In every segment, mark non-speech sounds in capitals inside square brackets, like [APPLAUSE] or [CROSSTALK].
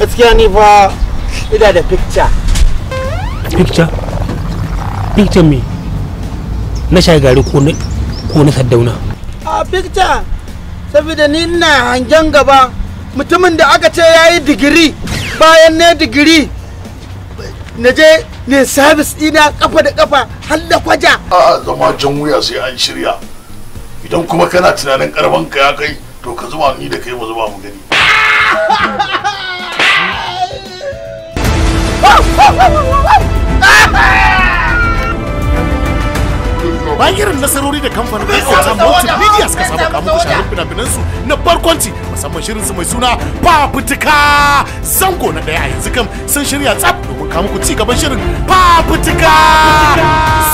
gaskiya ni fa ina da picture picture picture me na shagari ko na saddauna a picture saboda ni ina hangen gaba mutumin da aka ce ya yi digiri bayan ne digiri na je ne sabis ina kafa da kafa har da kwaja a zama jan wuya sai an shirya idan kuma kana tunanin karban ka ya kai to ka zuba ni da kai mu zuba mu gani [LAUGHS] irin nasarori da kamfanin Alta media suka samu kamo shahararrun fina-finansu na barkwanci musamman shirin su mai suna Fafutuka zango na daya a yanzu kan sun shirya tsaf domin kamu ku ci gaban shirin Fafutuka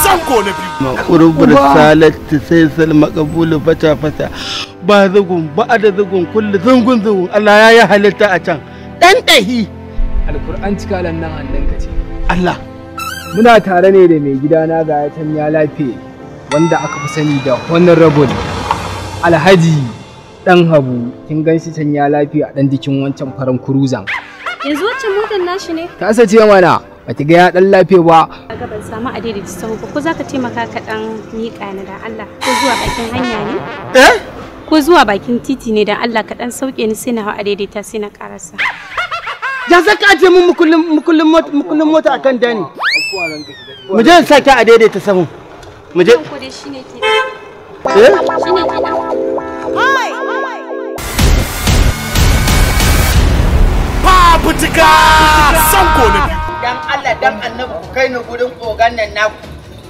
zango na biyu. Ma'urubar salatu sai salma kabulu fata fata ba zagun ba da zagun kullu zangun zangun Allah ya yi halitta a can dan dahi. Alkur'an cikalan nan ka ce. Allah. Muna tare ne da mai gidana ga ya lafiya. wanda aka fi sani da honorable alhaji dan habu kin gan shi can ya lafiya dan jikin wancan faran kuruzan yanzu wancan motar nashi ne sa ce mana baki ga ya dan lafiya ba ga ban samu adaidaci sahu ba ko zaka taimaka ka dan miƙa ni dan Allah ko zuwa bakin hanya ne eh ko zuwa bakin titi ne dan Allah ka dan sauke ni sai na hawa ta sai na karasa ya zaka aje mun mukullin mukullin mota akan dani mu je sake ta samu. mu je eh fafutuka san ko na biyu dan Allah dan annabi ku kai ni gurin kogan nan naku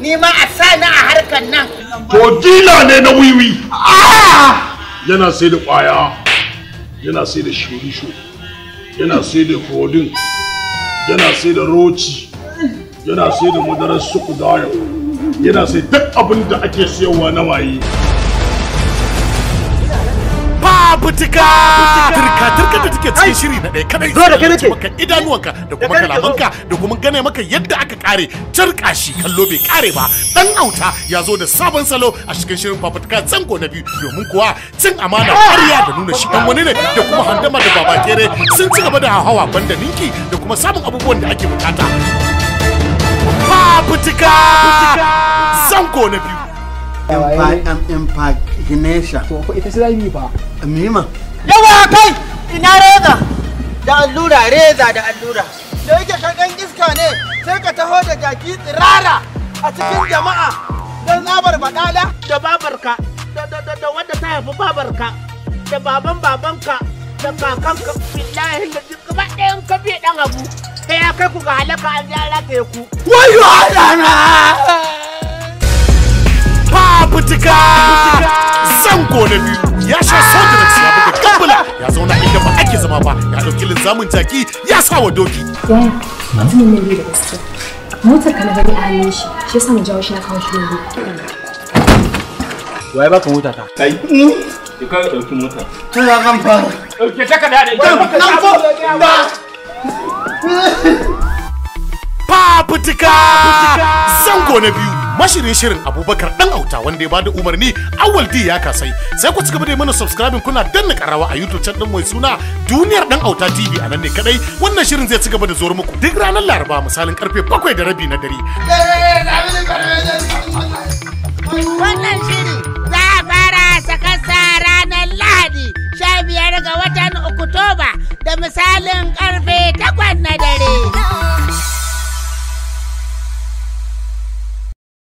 ni ma a sa ni a harkar nan to dila ne na wiwi ah! yana sai da kwaya yana sai da shurisho yana sai da kodin yana sai da roci yana sai da madarar suku dayo yana sai duk abin da ake siyarwa na waye fafutuka turka-turka da take cikin shiri na ɗaya kadai zo da kai maka idanuwanka da kuma kalamanka da kuma gane maka yadda aka kare turka shi kallo bai kare ba dan auta ya zo da sabon salo a cikin shirin fafutuka zango na biyu domin kuwa cin amana ƙarya da nuna shi wani ne da kuma handama da babakere sun ci gaba da hawa banda ninki da kuma samun abubuwan da ake bukata fitika zango na biyu impagination to ko ita sai mi fa mima yawa kai ina reza da allura reza da allura da yake ka iska ne sai ka taho da jaki tsirara a cikin jama'a don zabar badala da babarka da wanda ta haifi babarka da baban babanka da kakanka billahi da ka bi abu sai kai ku ga halaka an ja rataye ku. Wayo halana! Fafutuka! Zango na biyu ya sha ah! sojinan ya buga kambula ya zauna inda ba ake zama ba ya ɗauki linzamin jaki ya sa wa doki. Yaya, mutum ne da gaske. Motar ka na gani a hannun shi, shi yasa mu jawo shi na kawo shi ne. waye baka mota ta kai ki ka dauki mota ta kan fara dauke ta ka da ita ba fafutuka zango na biyu mashirin shirin abubakar dan auta wanda ya bada umarni awal ya kasai sai ku cigaba da mana subscribing kuna danna karawa a youtube channel din mai suna duniyar dan auta tv a nan ne kadai wannan shirin zai cigaba da zuwa muku duk ranar laraba misalin karfe bakwai da rabi na dare eh, misalin karfe takwas na dare.